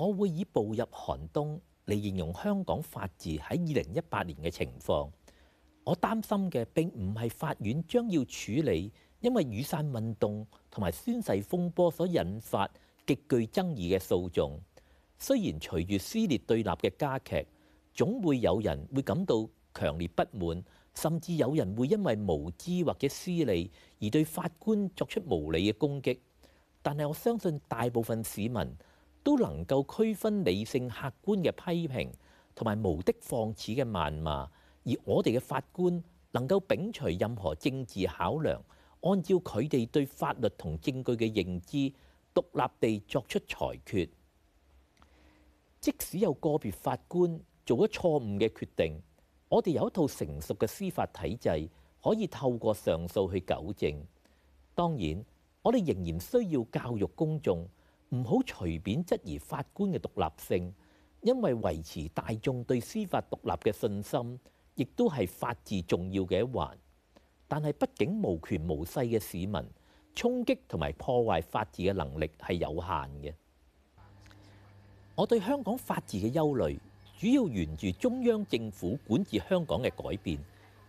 我會以步入寒冬嚟形容香港法治喺二零一八年嘅情況。我擔心嘅並唔係法院將要處理因為雨傘運動同埋宣誓風波所引發極具爭議嘅訴訟。雖然隨住撕裂對立嘅加劇，總會有人會感到強烈不滿，甚至有人會因為無知或者私利而對法官作出無理嘅攻擊。但係我相信大部分市民，都能夠區分理性客觀嘅批評同埋無的放矢嘅謾罵，而我哋嘅法官能夠摒除任何政治考量，按照佢哋對法律同證據嘅認知，獨立地作出裁決。即使有個別法官做咗錯誤嘅決定，我哋有一套成熟嘅司法體制，可以透過上訴去糾正。當然，我哋仍然需要教育公眾。唔好隨便質疑法官嘅獨立性，因為維持大眾對司法獨立嘅信心，亦都係法治重要嘅一環。但係，畢竟無權無勢嘅市民，衝擊同埋破壞法治嘅能力係有限嘅。我對香港法治嘅憂慮，主要源自中央政府管治香港嘅改變，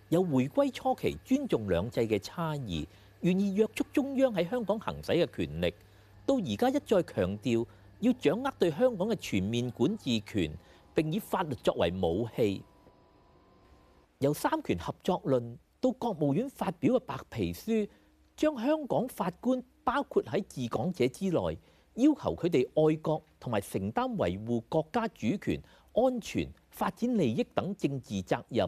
由回歸初期尊重兩制嘅差異，願意約束中央喺香港行使嘅權力。到而家一再強調要掌握對香港嘅全面管治權，並以法律作為武器。由三權合作論到國務院發表嘅白皮書，將香港法官包括喺治港者之內，要求佢哋愛國同埋承擔維護國家主權、安全、發展利益等政治責任。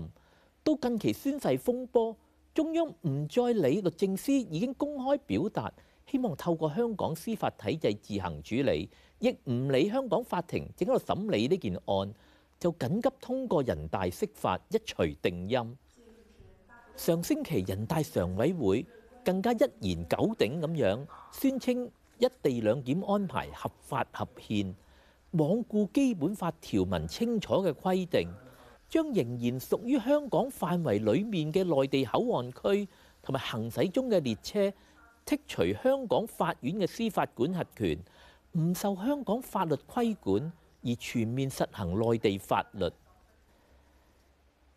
到近期宣誓風波，中央唔再理律政司已經公開表達。希望透過香港司法體制自行處理，亦唔理香港法庭正喺度審理呢件案，就緊急通過人大釋法一錘定音。上星期人大常委會更加一言九鼎咁樣宣稱一地兩檢安排合法合憲，罔顧基本法條文清楚嘅規定，將仍然屬於香港範圍裡面嘅內地口岸區同埋行駛中嘅列車。剔除香港法院嘅司法管轄權，唔受香港法律規管，而全面實行內地法律，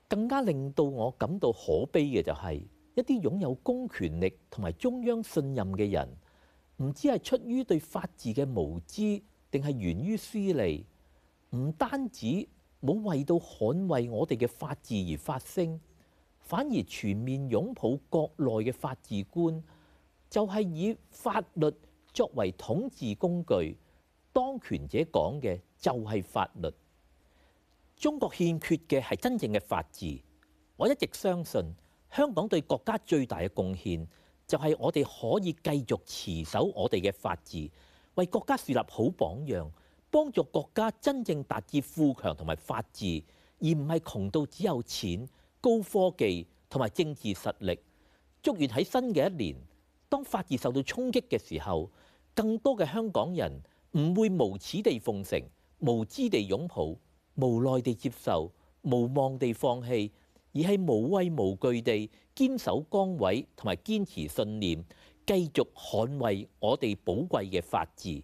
更加令到我感到可悲嘅就係、是、一啲擁有公權力同埋中央信任嘅人，唔知係出於對法治嘅無知，定係源於私利。唔單止冇為到捍衛我哋嘅法治而發聲，反而全面擁抱國內嘅法治觀。就係以法律作為統治工具，當權者講嘅就係法律。中國欠缺嘅係真正嘅法治。我一直相信，香港對國家最大嘅貢獻，就係我哋可以繼續持守我哋嘅法治，為國家樹立好榜樣，幫助國家真正達至富強同埋法治，而唔係窮到只有錢、高科技同埋政治實力。祝願喺新嘅一年。當法治受到衝擊嘅時候，更多嘅香港人唔會無恥地奉承、無知地擁抱、無奈地接受、無望地放棄，而係無畏無懼地堅守崗位同埋堅持信念，繼續捍衞我哋寶貴嘅法治。